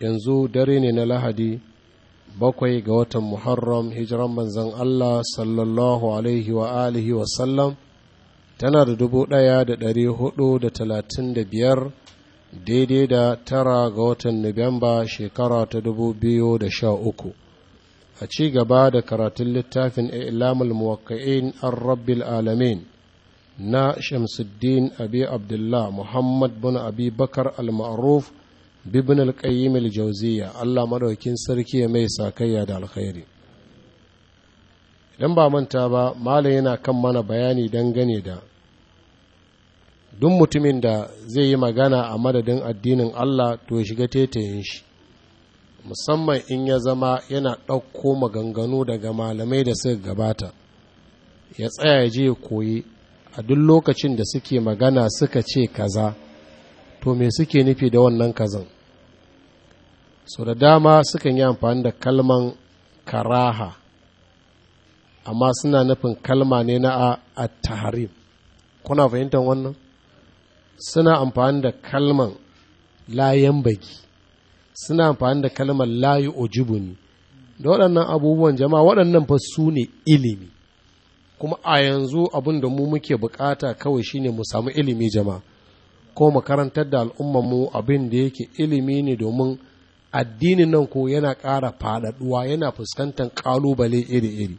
yanzu dare ne na lahadi bakwai ga watan muharram hijiran manzan allah sallallahu alaihi wa alihi sallam tana da dubu ɗaya da ɗari hudu da talatin da biyar daidai da tara ga watan nuwamba shekara ta dubu biyu da sha uku a ci gaba da karatun littafin ilamul muwakka'in an rabbil alamin na shamsuddin abi abdullah muhammad bin abi bakar al-ma'ruf bibin alƙayyim aljauziya Allah maɗaukin sarki ya mai sakayya da alkhairi idan ba manta ba malam yana kan mana bayani dangane da duk mutumin da zai yi magana a madadin addinin Allah to ya shiga tetayen shi musamman in ya zama yana ɗauko maganganu daga malamai da suka gabata ya tsaya ya je koyi a duk lokacin da suke magana suka ce kaza to me suke nufi da wannan kazan so da dama sukan yi amfani da kalman karaha amma suna nufin kalma ne na a taharim kuna fahimtar wannan suna amfani da kalman layan baki suna amfani da kalman layi ojibuni da waɗannan abubuwan jama'a waɗannan fa su ne ilimi kuma a yanzu abin da mu muke bukata kawai shine mu samu ilimi jama'a ko makarantar da al'ummanmu abin da yake ilimi ne domin addinin nan ko yana ƙara faɗaɗuwa yana fuskantar ƙalubale iri-iri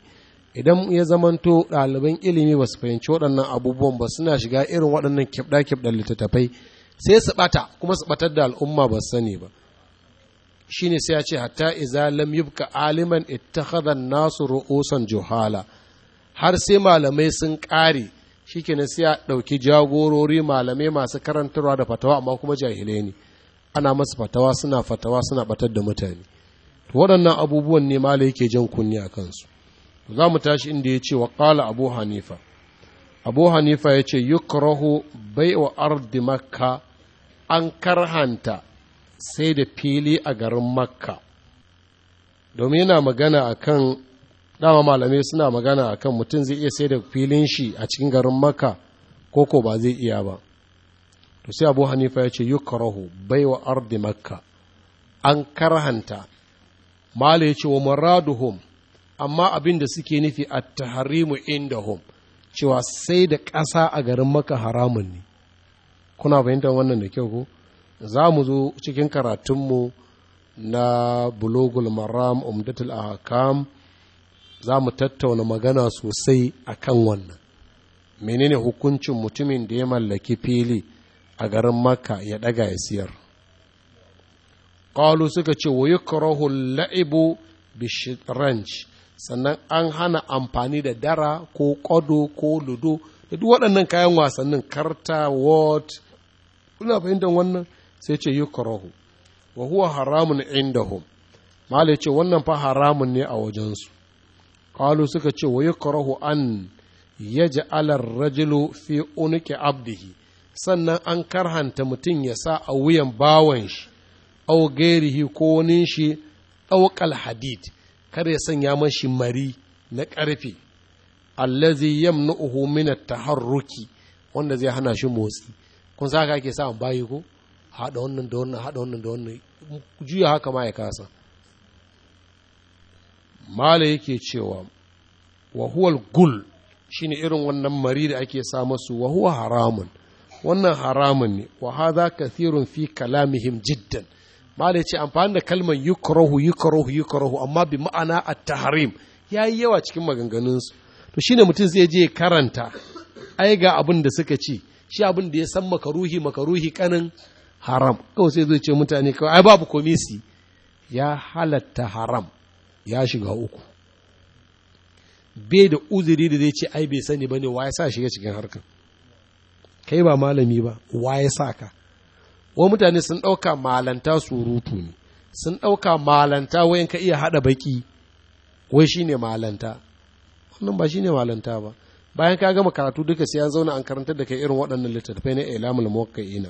idan ya zamanto ɗaliban ilimi ba su fahimci waɗannan abubuwan ba suna shiga irin waɗannan kibɗa-kibɗan littattafai sai su ɓata kuma su ɓatar da al'umma ba sani ba shi ne sai ya ce hatta iza lam yubka aliman ittakhadha nasu ru'usan juhala har sai malamai sun ƙare shi kenan sai a ɗauki jagorori malamai masu karantarwa da fatawa amma kuma jahilai ne ana masu fatawa suna fatawa suna batar da mutane waɗannan abubuwan ne mala yake jan kunni a kansu za mu tashi inda ya ce wa abu hanifa abu hanifa ya ce yukrahu bai wa ardi makka an karhanta sai da fili a garin makka domin yana magana a kan dama malamai suna magana a kan mutum zai iya sai da filin shi a cikin garin makka ko ko ba zai iya ba to sai abu hanifa ya ce bai baiwa ardi makka an karhanta mala ya ce wa maraduhum amma abin da suke nufi a inda hum cewa sai da ƙasa a garin maka haramun ne kuna fahimtar wannan da kyau ko za mu zo cikin karatunmu na bulogul maram umdatul ahkam za mu tattauna magana sosai a kan wannan menene hukuncin mutumin da ya mallaki fili a garin makka ya ɗaga ya siyar ƙalu suka ce wa yukrahu la'ibu bishiranci sannan an hana amfani da dara ko ƙwado ko ludo da duk waɗannan kayan wasannin karta ward kuna fahimtar wannan sai ce yi yukrahu wa huwa haramun indahum malai ce wannan fa haramun ne a wajensu qalu suka ce wa yukrahu an yaj'ala ar-rajulu fi unqi abdihi sannan an karhanta mutum ya sa a wuyan bawan shi au gairihi ko wani shi ɗaukal hadid kar ya sanya mashi mari na ƙarfe allazi yamnu'uhu min at-taharruki wanda zai hana shi motsi kun sa haka ake sa bayi ko haɗa wannan da wannan haɗa wannan da wannan juya haka ma ya kasa mala yake cewa wa gul gul ne irin wannan mari da ake sa masu wa huwa haramun wannan haramun ne wa hadha kathirun fi kalamihim jiddan mala ce amfani da kalmar yukrahu yukrahu yukrahu amma bi ma'ana at-tahrim yayi yawa cikin maganganunsu to shine mutum zai je karanta ai ga abin da suka ci shi abin da ya san makaruhi makaruhi kanin haram kawai sai zai ce mutane kawai ai babu komisi ya halatta haram ya shiga uku bai da uzuri da zai ce ai bai sani ba ne wa ya sa shiga cikin harkar kai ba malami ba wa ya sa ka wa mutane sun ɗauka malanta surutu ne sun ɗauka malanta wayan ka iya haɗa baki wai shi ne malanta wannan ba shi ne malanta ba bayan ka gama karatu duka sai an zauna an karantar da kai irin waɗannan littattafai na ilamul muwakkaina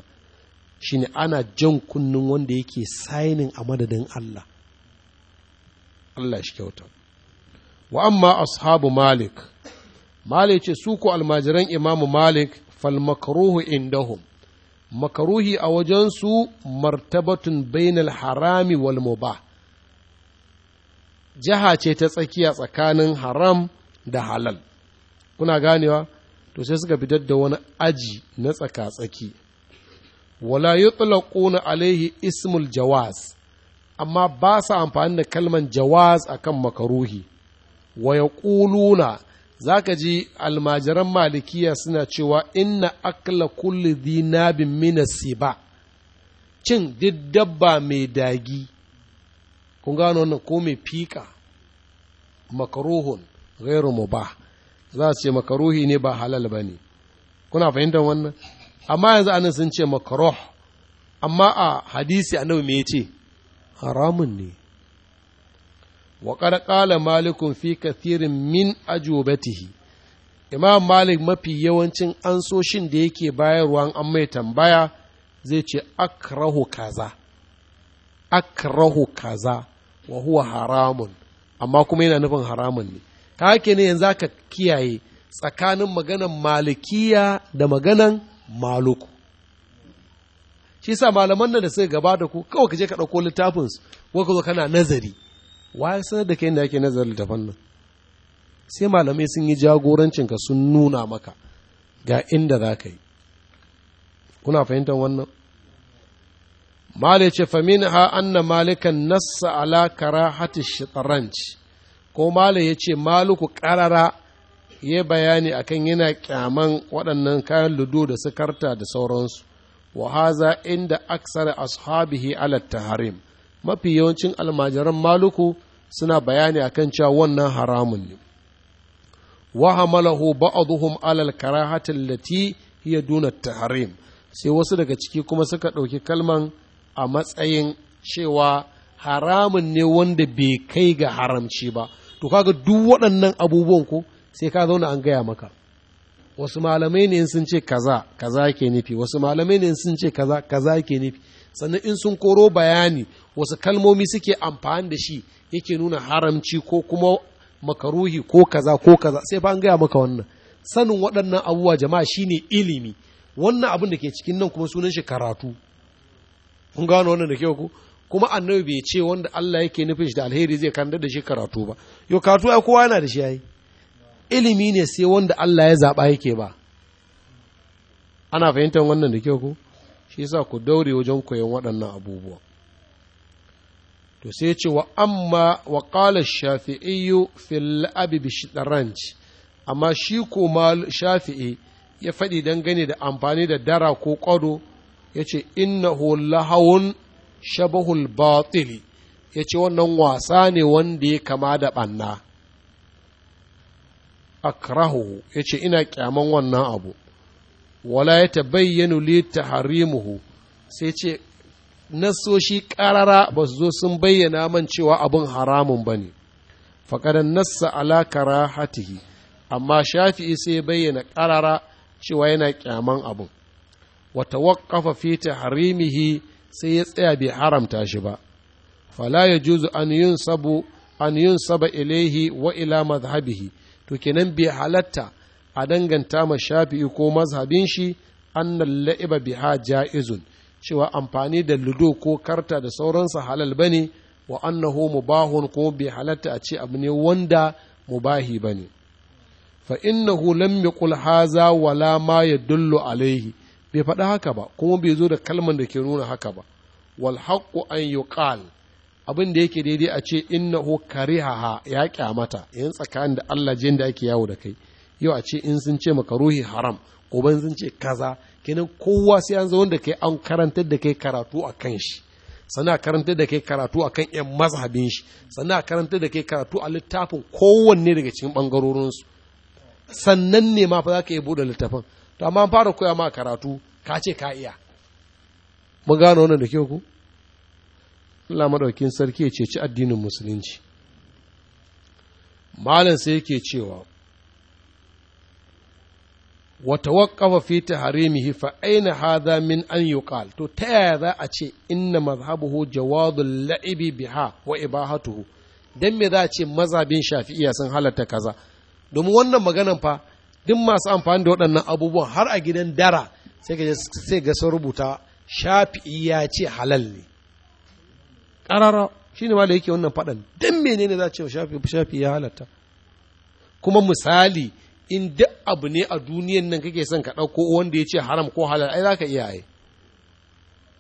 shine ana jan kunnen wanda yake sainin a madadin Allah Allah shi kyauta wa amma ashabu malik malik ce su ku almajiran imamu malik fal makruhu indahum makaruhi a wajensu martabatun bainal harami wal mubah jiha ce ta tsakiya tsakanin haram da halal kuna ganewa to sai suka fitar da wani aji na tsaka-tsaki wala yutlaquna alaihi ismul jawaz amma ba sa amfani da kalman jawaz akan makaruhi wa za ka ji almajiran malikiya suna cewa inna akla kulli bin minasi ba cin duk dabba mai dagi kun gano wannan ko mai fika makaruhun mu ba za su ce makaruhi ne ba halal ba ne kuna fahimtar wannan amma yanzu anan sun ce makaruh amma a hadisi annabi me ya ce haramun ne wa malikun fi kathirin min ajobatihi imam malik mafi yawancin ansoshin da yake bayarwa an mai tambaya zai ce akrahu kaza akrahu kaza wa huwa haramun amma kuma yana nufin haramun ne ta hake ne yanzu aka kiyaye tsakanin maganan malikiya da maganan maluku shi sa malaman nan da suka gaba da ku kawai ka je ka ɗauko littafin su ko ka zo kana nazari wa sanar da kai inda ake nazarin littafin nan sai malamai sun yi jagorancin ka sun nuna maka ga inda za ka yi kuna fahimtar wannan malice famin ha anna malikan nassa ala karahati shitaranci ko malai ya ce maluku karara ya bayani akan yana kyaman waɗannan kayan ludo da karta da sauransu wa haza inda aksar ashabihi ala taharim mafi yawancin almajiran maluku suna bayani akan cewa wannan haramun ne wa hamalahu ba'dhum ala al allati hiya duna taharim sai wasu daga ciki kuma suka ɗauki kalman a matsayin cewa haramun ne wanda bai kai ga haramci ba to kaga duk waɗannan abubuwan ko sai ka zauna an gaya maka wasu malamai ne sun ce kaza kaza ke nufi wasu malamai ne sun ce kaza kaza ke nufi sannan in sun koro bayani wasu kalmomi suke amfani da shi yake nuna haramci ko kuma makaruhi ko kaza ko kaza sai ba an gaya maka wannan sanin waɗannan abubuwa jama'a shine ilimi wannan abin da ke cikin nan kuma sunan shi karatu kun gano wannan da kyau ku kuma annabi bai ce wanda Allah yake nufin shi da alheri zai kanda da shi karatu ba yo karatu ai kowa yana da shi yayi ilimi ne sai wanda Allah ya zaɓa yake ba ana fahimtar wannan da kyau ku shi sa ku daure wajen koyon waɗannan abubuwa to sai ce wa amma wa qala shafi'i fil abi bi amma shi ko shafi'i ya faɗi dangane da amfani da dara ko ƙwado ya ce innahu lahawun shabahul batili ya ce wannan wasa ne wanda ya kama da ɓanna akrahu yace ina kyaman wannan abu wala ya tabayyanu li tahrimuhu sai ce nasoshi karara ba su zo sun bayyana man cewa abin haramun bane faqad nassa ala karahatihi amma shafi'i sai bayyana karara cewa yana kyaman abun wa tawaqqafa fi tahrimihi sai ya tsaya bai haramta shi ba fala yajuzu an yunsabu an yunsaba ilaihi wa ila madhhabihi to kenan bai halatta a danganta ma shafi'i ko mazhabin shi annal la'iba biha ja'izun cewa amfani da ludo ko karta da sauransa halal bane wa annahu mubahun ko bai halatta a ce abu ne wanda mubahi bane fa innahu lam yaqul haza wala ma yadullu alaihi bai faɗa haka ba kuma bai zo da kalman da ke nuna haka ba wal haqqu an yuqal abin da yake daidai a ce innahu karihaha ya kyamata yan tsakanin da Allah jin da ake yawo da kai yau a ce in sun ce maka ruhi haram gobe sun ce kaza kenan kowa sai an zo da kai an karantar da kai karatu a kan shi sana karantar da kai karatu a kan yan mazhabin shi sana karantar da kai karatu a littafin kowanne daga cikin bangarorinsu sannan ne ma fa za ka iya buɗe littafin to amma an fara koya ma karatu ka ce ka iya mun gano wannan da kyau ku Allah maɗaukin sarki ya ci addinin musulunci malam sai yake cewa wa tawaqqafa fi hifa fa aina haza min an yuqal to ta yaya za a ce inna mazhabuhu jawadul la'ibi biha wa ibahatuhu dan me za a ce mazhabin shafi'iya sun halatta kaza domin wannan maganan fa duk masu amfani da waɗannan abubuwan har a gidan dara sai ga sai ga sun rubuta shafi'i ya ce halal ne ƙarara shi ne da yake wannan faɗan don menene za a ce shafi shafi ya halatta kuma misali in duk abu ne a duniyan nan kake son ka ɗauko wanda ya ce haram ko halal ai za ka iya yi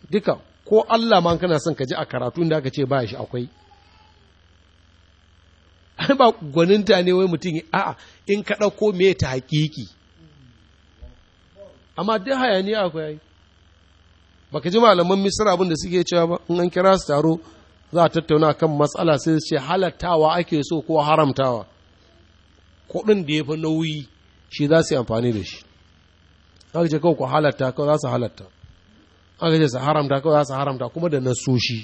duka ko Allah ma kana son ka ji a karatu inda aka ce ba shi akwai ai ba gwaninta ne wai mutum a'a in ka ɗauko me ta hakiki amma duk hayaniya akwai baka ji malaman misira abin da suke cewa ba in an kira su taro za a tattauna kan matsala sai ce halattawa ake so ko haramtawa kuɗin da ya fi nauyi shi za su yi amfani da shi aka ce kawai ku halatta kawai za su halatta aka ce su haramta kawai za su haramta kuma da nasoshi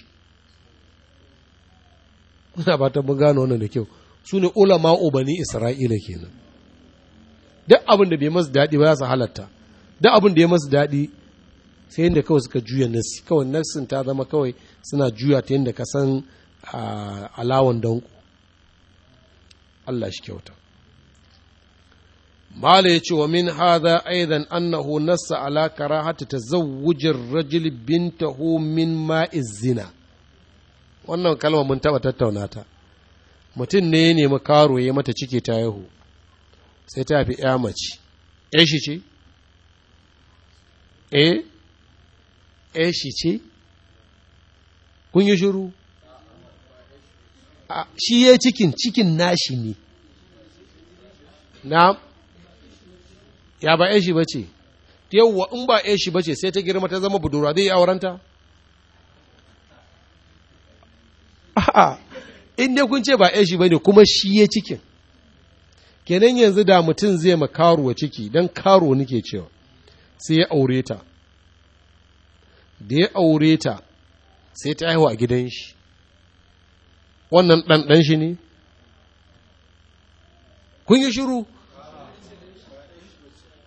muna ba ta gano wannan da kyau su ne ulama ubani isra'ila kenan duk abin da bai masu daɗi ba za su halatta duk abin da ya masu daɗi sai da kawai suka juya nasi kawai nasin ta zama kawai suna juya ta yadda ka san alawan danko Allah shi kyauta Mala ya ce wa min haza aidan annahu nassa ta zan tazawwujir rajul bintahu min ma'iz zina wannan kalma mun taba tattauna ta mutum ne ya nemi karo ya mata ciki ta yahu sai ta fi ya mace ya shi ce eh ya shi ce kun yi shiru shi ya cikin cikin nashi ne na ya ba eshi ba ce yauwa in ba eshi ba ce sai ta girma ta zama budurwa zai yi aurenta a'a in dai kun ce ba eshi ba ne kuma shi ya cikin kenan yanzu da mutum zai ma ciki don karo nake cewa sai ya aure ta da ya aure ta sai ta haihu a gidan shi wannan ɗanɗan shi ne kun yi shiru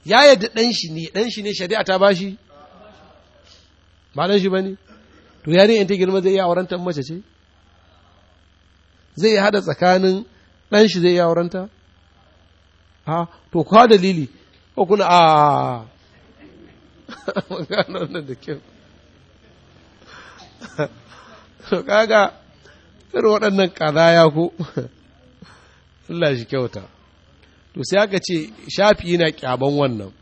ya yadda ɗan shi ne ɗan shi ne shari'a ta bashi ba ɗan shi ba ne to yare in ta girma zai iya auranta mace ce zai hada tsakanin ɗan shi zai yi auranta ha to kwa dalili ko kuna a wannan da kyau so kaga irin waɗannan ƙazaya ku. Allah shi kyauta to sai aka ce shafi yana kyaban wannan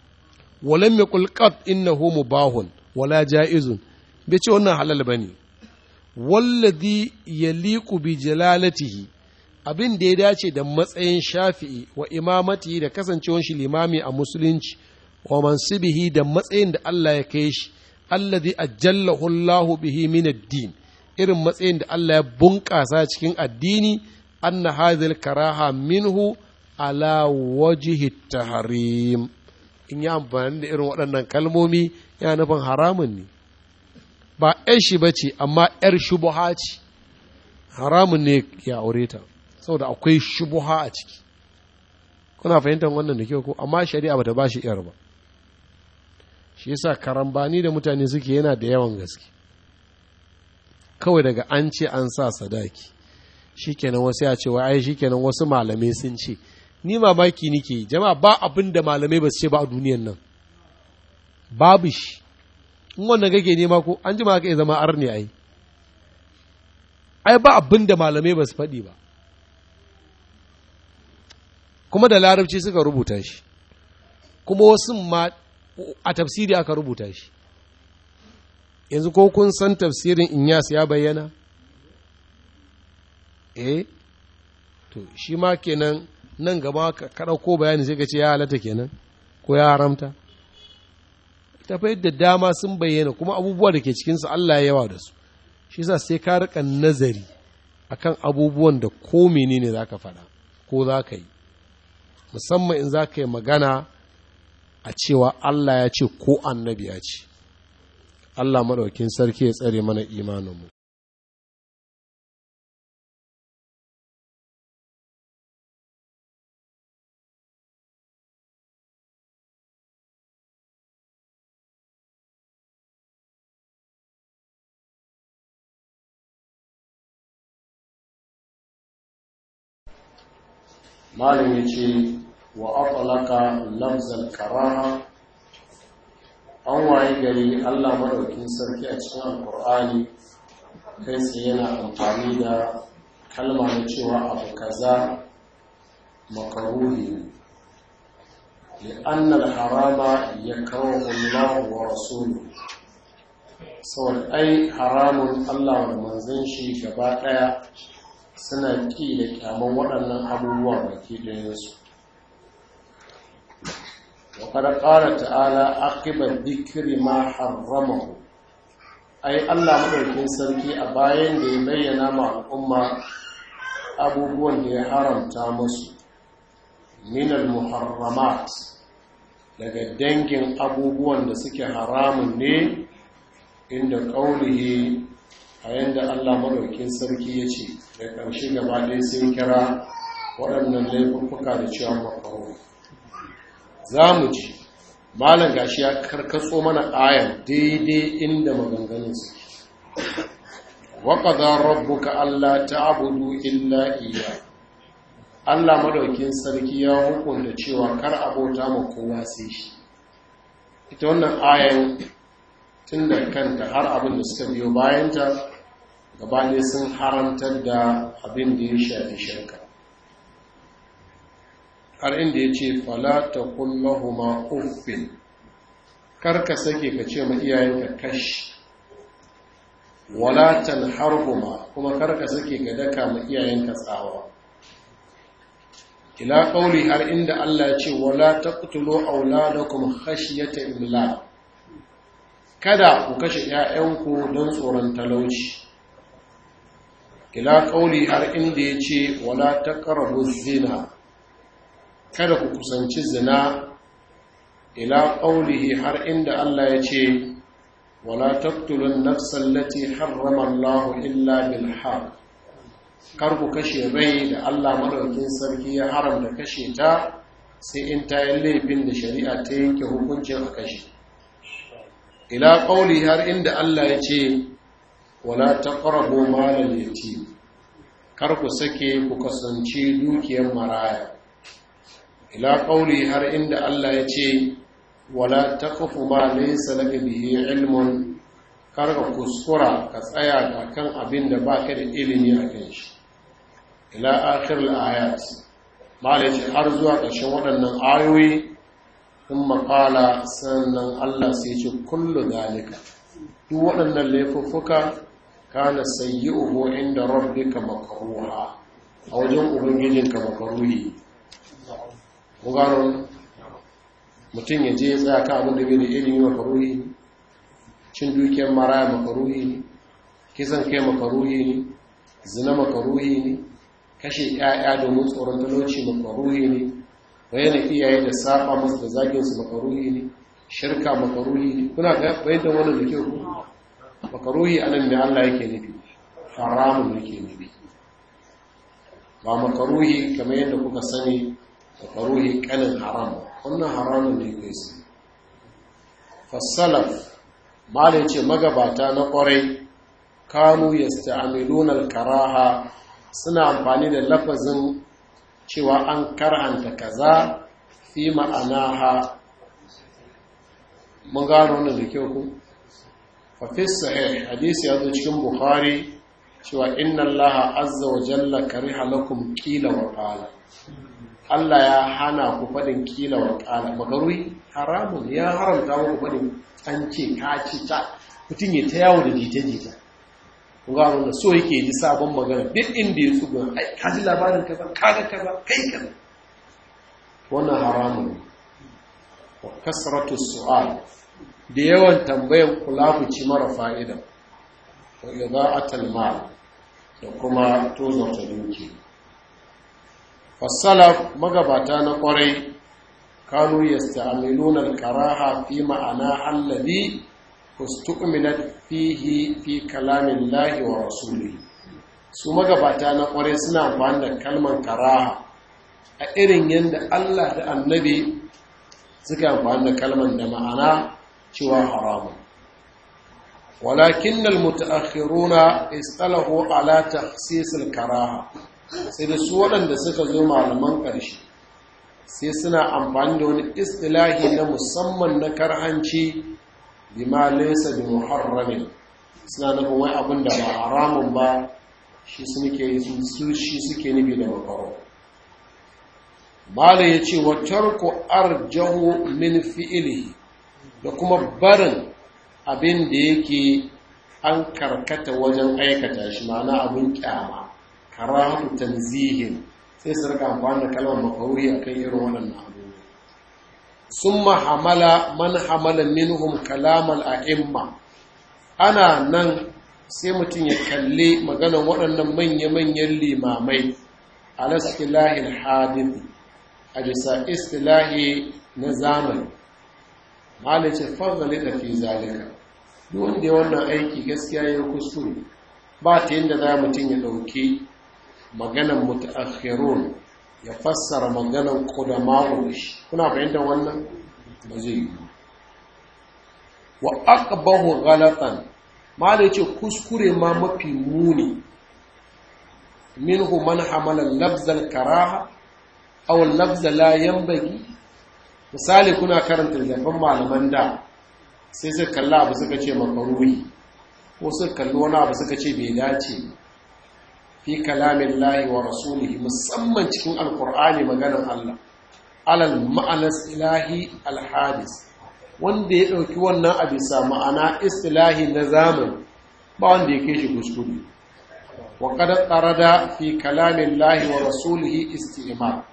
walam kulkat qat innahu bahon, wala jaizun bai ce wannan halal ba bane wallazi liku bi jalalatihi abin da ya dace da matsayin shafi'i wa imamati da kasancewar shi limami a musulunci wa mansubihi da matsayin da Allah ya kai shi alladhi ajallahu Allahu bihi min ad-din irin matsayin da Allah ya bunƙasa cikin addini anna hadhil karaha minhu ala wajhi tahrim in ya amfani da irin waɗannan kalmomi yana nufin haramun ne ba 'yar shi bace, ce amma 'yar shubuha ce haramun ne ya aure ta saboda akwai shubuha a ciki kuna fahimtar wannan da kyau ko amma shari'a bata ba shi 'yar ba shi yasa karambani da mutane suke yana da yawan gaske kawai daga an ce an sa sadaki shikenan wasu ya ce wa ai shikenan wasu malamai sun ce ni mamaki nike jama'a ba abin da malamai ba su ce ba a duniyan nan babu shi in wannan kake nema ko an jima ka zama ne ai ai ba abin da malamai ba su faɗi ba kuma da larabci suka rubuta shi kuma wasu ma a tafsiri aka rubuta shi yanzu ko kun san tafsirin inyas ya bayyana eh to shi ma kenan nan gaba ka ko bayani sai ka ce ya halatta kenan ko ya haramta tafai da dama sun bayyana kuma abubuwa da ke cikinsu Allah ya yawa da su shi sa sai ka rika nazari akan abubuwan da ko menene za ka faɗa ko za ka yi musamman in za ka yi magana a cewa Allah ya ce ko annabi ya ce Allah maɗaukin sarki ya tsare mana imaninmu malam ya ce وأطلق لفظ الكراهة an waye gari Allah madaukin sarki a cikin alkur'ani kai tsaye yana amfani da kalma na cewa abu kaza makaruhi li'annal harama ya kawo Allah wa rasulu saboda ai haramun Allah da manzon shi gaba ɗaya suna ƙi da kyaman waɗannan abubuwa baki ɗayansu وقد قال تعالى عقب الذكر ما حرمه ai Allah maɗaukin sarki a bayan da ya bayyana ma al'umma abubuwan da ya haramta musu minal muharramat daga dangin abubuwan da suke haramun ne inda ƙaunihi a yadda Allah maɗaukin sarki ya ce da ƙarshe gaba ɗaya sun kira waɗannan laifuffuka da cewa makaroni za mu ji malam gashi ya karkatso mana ayan daidai inda maganganu su rabu rabbuka Allah ta abudu illa iya Allah madaukin sarki ya hukunta cewa kar abota ma kowa sai shi ita wannan ayan tun da kanta har abin da suka biyo bayanta gaba ne sun haramtar da abin da ya shafi shirka har inda ya ce falata kullahuma uffin karka sake ka ce ma iyayenka kashi walatan harhuma kuma karka sake ka daka ma iyayenka tsawa ila kauli har inda Allah ya ce wala kashi ya khashyata imla kada ku kashe 'ya'yanku don tsoron talauci ila kauli har inda ya ce wala taqrabu zina kada ku kusanci zina ila ƙaunihi har inda Allah ya ce wala taktulun nafsal lati harrama Allah illa bil haq kar ku kashe rai da Allah madaukin sarki ya haramta kashe ta sai in ta yi laifin da shari'a ta yanke hukuncin a kashe ila ƙauli har inda Allah ya ce wala taqrabu malal yatim kar ku sake ku kasance dukiyar maraya ila ƙauli har inda Allah ya ce wala ta taqfu ba laysa laka bihi ilmun kar kuskura ka tsaya ga kan abin da baka da ilimi a kan shi ila akhir ba da malaci har zuwa ƙarshen waɗannan ayoyi sun maƙala sannan Allah sai ce kullu zalika duk waɗannan laifuffuka kana sayyi'uhu inda ka makaruwa a wajen ubangijinka makaruwa ku mutum ya je ya tsaya kan abin da bai da ilimi makaruhi cin dukiyar maraya makaruhi ne kisan kai makaruhi ne zina makaruhi ne kashe 'ya'ya domin tsoron talauci makaruhi ne bayyana iyaye da safa musu da zaginsu makaruhi ne shirka makaruhi ne kuna bayyana wani da kyau makaruhi a nan da Allah yake nufi haramun yake nufi ba makaruhi kamar yadda kuka sani makaruhi kanin haram wannan haramun ne kai su fasalaf malin ce magabata na kwarai kanu yasta'amiluna al-karaha suna amfani da lafazin cewa an kar'anta kaza fi ma'anaha mun gano wannan da kyau ku fa sahih hadisi ya zo cikin bukhari cewa inna allaha azza wa jalla kariha lakum qila wa qala Allah ya hana ku faɗin kila wa ƙala magarui haramun ya haramta muku fadin an ce ka ce ta mutum ya ta yawo da jita-jita ku ga wanda so yake ji sabon magana duk inda ya tsugun ai ka ji labarin kaza kaga kaza kai kaza wannan haramun wa kasratu su'al da yawan tambayan kula ku ci mara fa'ida wa a mal da kuma ta dukiya fasalaf magabata na kwarai kanu yasta'amiluna al-karaha fi ma'ana allabi ustu'milat fihi fi kalamillahi wa rasuli su magabata na kwarai suna amfani da karaha a irin yadda Allah da annabi suka amfani da kalmar da ma'ana cewa haramun walakin al mutaakhiruna istalahu ala takhsis karaha sai da su waɗanda suka zo malaman ƙarshe sai suna amfani da wani istilahi na musamman na karhanci ma laisa bi muharramin suna nufin wai abin da ba haramun ba shi suke yi su shi suke nufi da makaro bala ya ce wa tarku arjahu min fi'ili da kuma barin abin da yake an karkata wajen aikata shi ma'ana abin kyama karahatu tanzihin sai su rika amfani da kalmar mafauri kan irin waɗannan abubuwa Sun hamala man hamala minhum kalamal a'imma ana nan sai mutum ya kalli maganar waɗannan manya-manyan limamai a laskilahin hadin a bisa istilahi na zamani malice fangale da fi zalika duk wanda wannan aiki gaskiya ya kusuri ba ta yin da za mutum ya ɗauki maganan mutaakhirun ya fassara maganan shi. kuna fahimtar wannan ba zai yi wa aqbahu ghalatan da yace kuskure ma mafi muni minhu man hamala lafzal karaha aw lafz la yanbaghi misali kuna karanta littafin malaman da sai suka kalla abu suka ce makaruhi ko suka kalli wani abu suka ce bai dace fi kalamin lahi wa rasulihi musamman cikin alkur'ani maganar Allah alal ma'anas ilahi alhadis wanda ya ɗauki wannan a bisa ma'ana istilahi na zamani ba wanda ya kai shi kuskure wa qad da fi kalamin lahi wa rasulihi istimar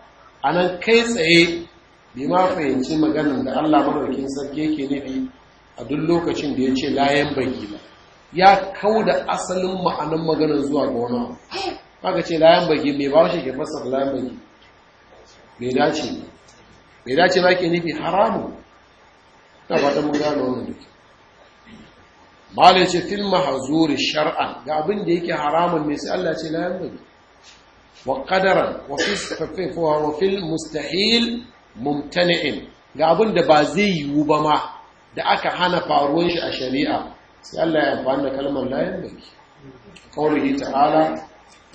nan kai tsaye bi ma fahimci maganar da Allah madaukakin sarki yake nufi a duk lokacin da ya ce layan baki ba ya kau da asalin ma'anin maganar zuwa ga wani abu haka ce layan bagi mai ba shi ke fasa layan bagi mai dace mai dace ba ke nufi haramu ta fata mun gane wani duk malai ce fil mahzuri shar'an ga abin da yake haramun mai sai Allah ce layan bagi wa qadaran wa fi wa fil mustahil mumtani'in ga abin da ba zai yiwu ba ma da aka hana faruwan shi a shari'a sai Allah ya amfani da kalmar layan da ke kawai ta'ala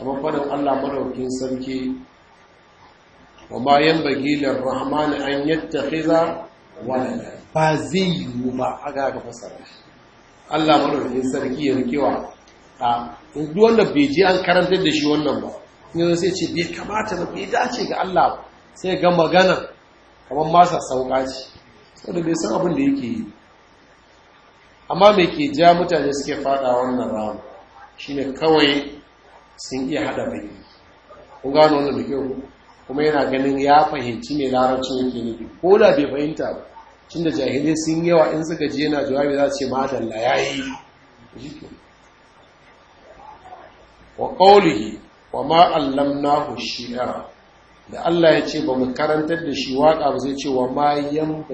a babbanin Allah madaukin sarki wa bayan bagilar ni an yadda khiza wani ba zai yi ba a gaga fasara Allah madaukin sarki ya rikewa a duk wanda bai an karantar da shi wannan ba ne sai ce bai kamata ba bai dace ga Allah sai ga magana kamar masa sauka ce saboda bai san abin da yake yi amma mai ke ja mutane suke fada wannan ramu shine kawai sun iya hada baki kun gano wannan da kyau kuma yana ganin ya fahimci mai larabci yake nufi ko da bai fahimta ba tun da jahilai sun yawa in suka ji yana jawabi za su ma dalla ya yi wa ƙaulihi wa ma'allam nahu shi'ara da Allah ya ce ba mu karantar da shi waƙa ba zai ce wa ma yan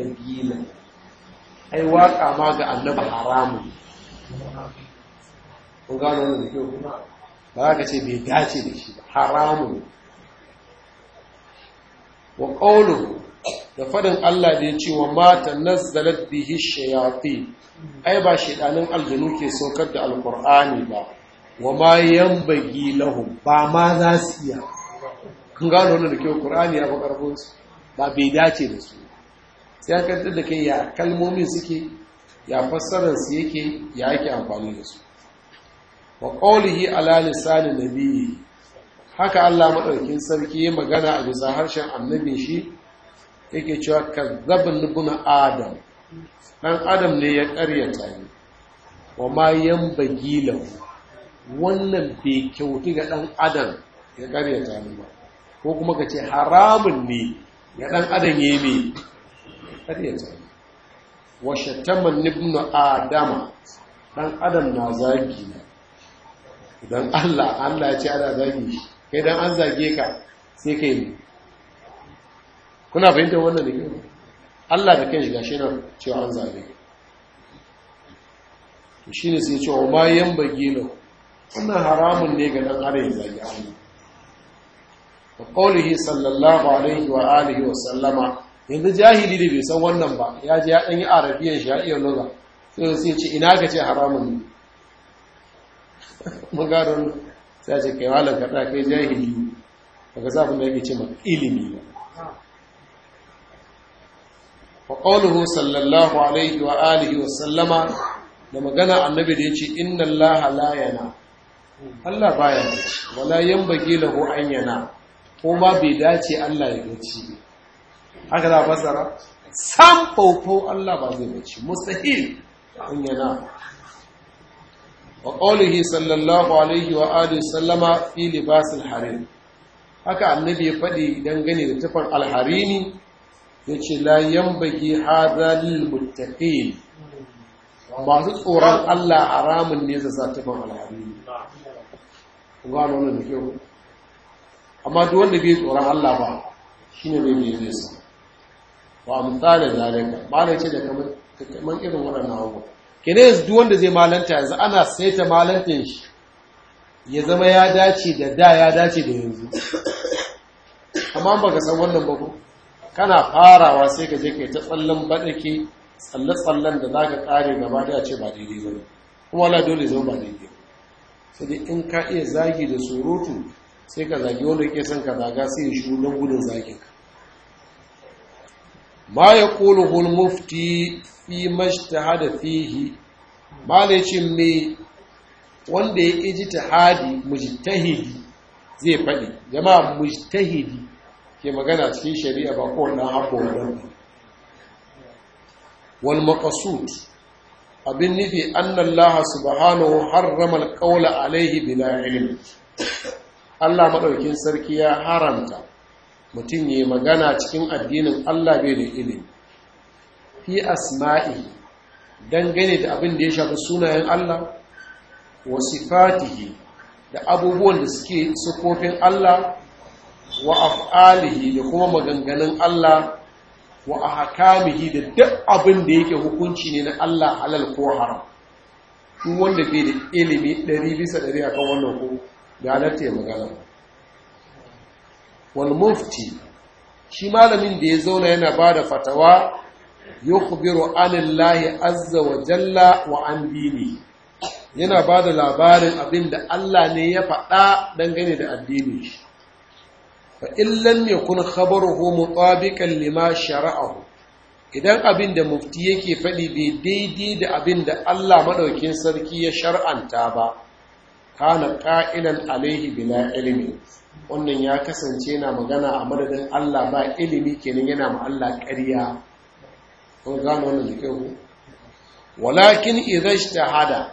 ai waka ma ga annabi haramun kun gano wannan da kyau kuma ba za ka ce bai dace da shi haramun wa ƙaunuhu da faɗin Allah da ya ce wa mata nazzalat bihi shayafi ai ba shaidanin aljanu ke saukar da Alƙur'ani ba wa ma yambagi lahum ba ma za su iya kun gano wannan da kyau qur'ani ya fi karfin su ba bai dace da su sai ya kantar da kai ya kalmomin suke ya fassararsu yake ya yake amfani da su wa qawlihi ala na nabiyyi haka Allah maɗaukin sarki ya magana a bisa harshen annabin shi yake cewa kazzabun ibn adam dan adam ne ya karyata ni wa ma yanbaghi lahu wannan bai kyautu ga dan adam ya karyata ni ba ko kuma kace haramun ne ga dan adam yayi karyata wa shataman ibn adama dan adam na zagi na dan Allah Allah ya ce ana zagi shi kai dan an zage ka sai kai ne kuna fahimtar wannan da kyau Allah da kanshi gashi nan cewa an zage ka to shine sai cewa ce wa bayan bagilo wannan haramun ne ga dan adam zage Allah wa qawlihi sallallahu alaihi wa alihi wa sallama yanzu jahili da bai san wannan ba ya ji ya ɗanyi arabiyan shi ya iya nuna sai sai ce ina ka ce haramun ne magarin sai ce kai malam kaɗa kai jahili ba ka zafin da yake ce mai ilimi ba wa ƙaunuhu sallallahu alaihi wa alihi wa sallama da magana annabi da ya ce inna Allah layana Allah baya gaci wala yan bagi lahu an yana ko ma bai dace Allah ya gaci haka za a fassara sam faufau Allah ba zai mace mustahil an yana wa qawlihi sallallahu alaihi wa alihi sallama fi libasil harin haka annabi ya faɗi gani da tufan alharini yace la yanbaghi hadha lil muttaqin masu tsoron Allah haramun ne za tufan alharini Ku ga wannan da kyau amma duk wanda bai tsoron Allah ba shine bai mai zai sa wa amsalin zalika ba na ce kaman irin waɗannan abubuwa kene yanzu duk wanda zai malanta yanzu ana saita malantin shi ya zama ya dace da da ya dace da yanzu amma ba ka san wannan ba ko kana farawa sai ka je kai ta tsallan baɗake tsalle-tsallen da za ka gaba da ce ba daidai ba kuma wala dole zo ba daidai sai dai in ka iya zagi da surutu sai ka zagi wanda yake son ka zaga sai ya shi don gudun zagin ka ma ya ƙuluhul mufti fi mashtahada fihi ba da me wanda ya ƙi jitahadi mujtahidi zai faɗi jama'a mujtahidi ke magana cikin shari'a ba kowane haƙo wadanda wal maqasud abin nufi annallaha subhanahu harrama alqawla alaihi bila ilm Allah maɗaukin sarki ya haramta mutum yi magana cikin addinin Allah bai da ilimi fi asma'i dangane da abin da ya shafi sunayen Allah wa sifatihi da abubuwan da suke sukofin Allah wa af'alihi da kuma maganganun Allah wa ahkamihi da duk abin da yake hukunci ne na Allah halal ko haram duk wanda bai da ilimi 100 bisa 100 akan wannan ko da halatta ya magana wal mufti shi malamin da ya zauna yana ba da fatawa yukhbiru anillahi azza wa jalla wa an dini yana ba da labarin abin da Allah ne ya faɗa dangane da addini shi fa illam yakun khabaruhu mutabiqan lima shara'ahu idan abin da mufti yake faɗi bai daidai da abin da Allah maɗaukin sarki ya shar'anta ba kana ƙa'ilan alaihi bila ilmi wannan ya kasance yana magana a madadin Allah ba ilimi kenan yana ma Allah ƙarya ko gano wannan da ku? walakin idza hada,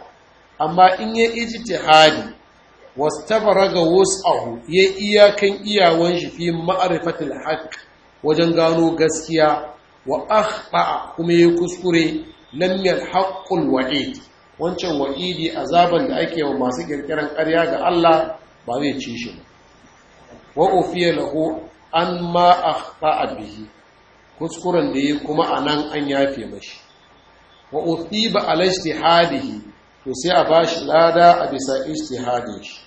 amma in ya ijtihadi wasu ahu ya iyakan iyawan shi fi ma'rifatil haqq wajen gano gaskiya wa akhta kuma ya kuskure lamyar yalhaqul wa'id wancan a azaban da ake wa masu ƙirƙirar ƙarya ga Allah ba zai ci shi ba wa ufiya lahu an ma a akhta'a bihi kuskuren da yi kuma a nan an yafe mashi wa ba ala shi, to sai a ba shi lada a bisa ijtihadin shi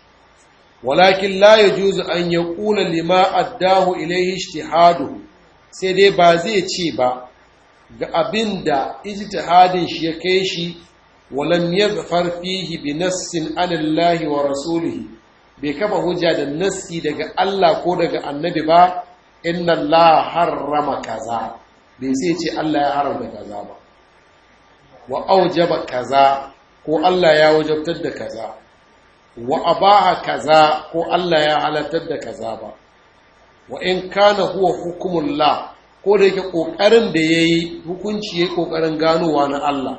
walakin laye yajuzu an ƙula lima addahu ilayhi hadu sai dai ba zai ce ba ga abinda hadin shi ya kai shi walam yaghfar fihi bi nassin ala wa rasulihi bai kafa hujja da nassi daga Allah ko daga annabi ba inna Allah harrama kaza bai sai ce Allah ya haramta kaza ba wa aujaba kaza ko Allah ya wajabtar da kaza wa abaha kaza ko Allah ya halatar da kaza ba wa in kana huwa la, ko da yake kokarin da yayi hukunci yayi kokarin ganowa na Allah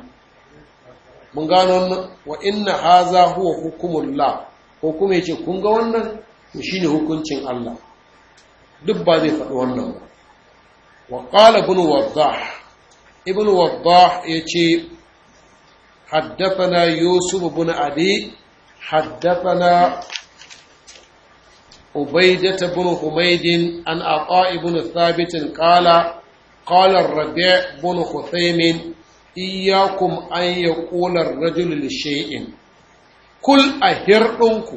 mun gano wa inna haza huwa la. ko kuma ya ce kunga wannan shi ne hukuncin Allah duk ba zai faɗi wannan ba Waƙala ƙala ibn ibn wadah ya ce haddafana yusuf ibn abi haddafana ubaidata ibn humaydin an aqa ibn sabitin qala qala rabe rabi ibn khuthaymin iyyakum an yaqula ar-rajul li kul a hirɗinku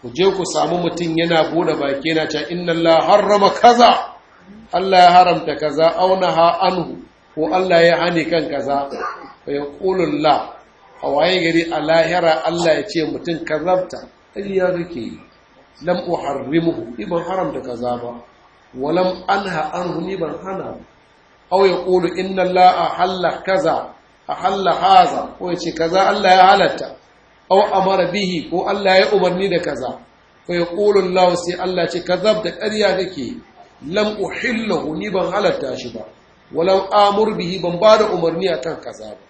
ku je ku samu mutum yana buɗe baki yana can inna Allah harrama kaza Allah ya haramta kaza auna ha anhu ko Allah ya hane kan kaza fa yaqulun la a waye gari a lahira Allah ya ce mutum kazabta ƙarya kake yi lam uharrimuhu ni ban haramta kaza ba walam anha anhu ni ban hana aw yaqulu inna Allah halla kaza halla haza ko ya ce kaza Allah ya halatta aw amara bihi ko Allah ya umarni da kaza fa yaqulu Allah sai Allah ce kazab da ƙarya kake lam uhillahu ni ban halatta shi ba walam amur bihi ban ba da umarni akan kaza ba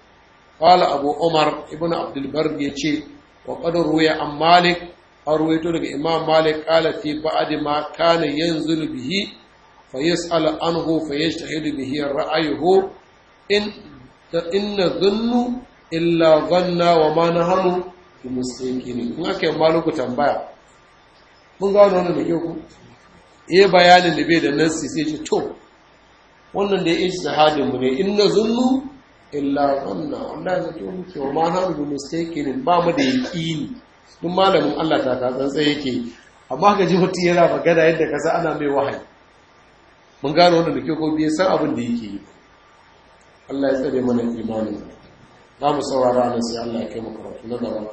qala abu umar ibnu abdul barg yace wa qad ruya an malik an daga imam malik qala fi ba'd ma kana yanzulu bihi fa yas'al anhu fa yajtahidu bihi ra'ayuhu in inna dhannu illa dhanna wa ma ne kun aka yi maluku tambaya mun gano wani da ku iya eh, bayanin da bai da nassi sai ce to wannan da ya ijtihadin mu ne ina zunnu illa zanna ya zato muke wa ma hanu bi ne ba mu da yaqini duk malamin Allah ta ta tsantsa yake amma ka ji mutum yana magana yadda ka ana mai wahayi mun gano wani da ke ko biye san abin da yake yi Allah ya tsare mana imanin za mu saurara na sai Allah ya kai mu karatu na gaba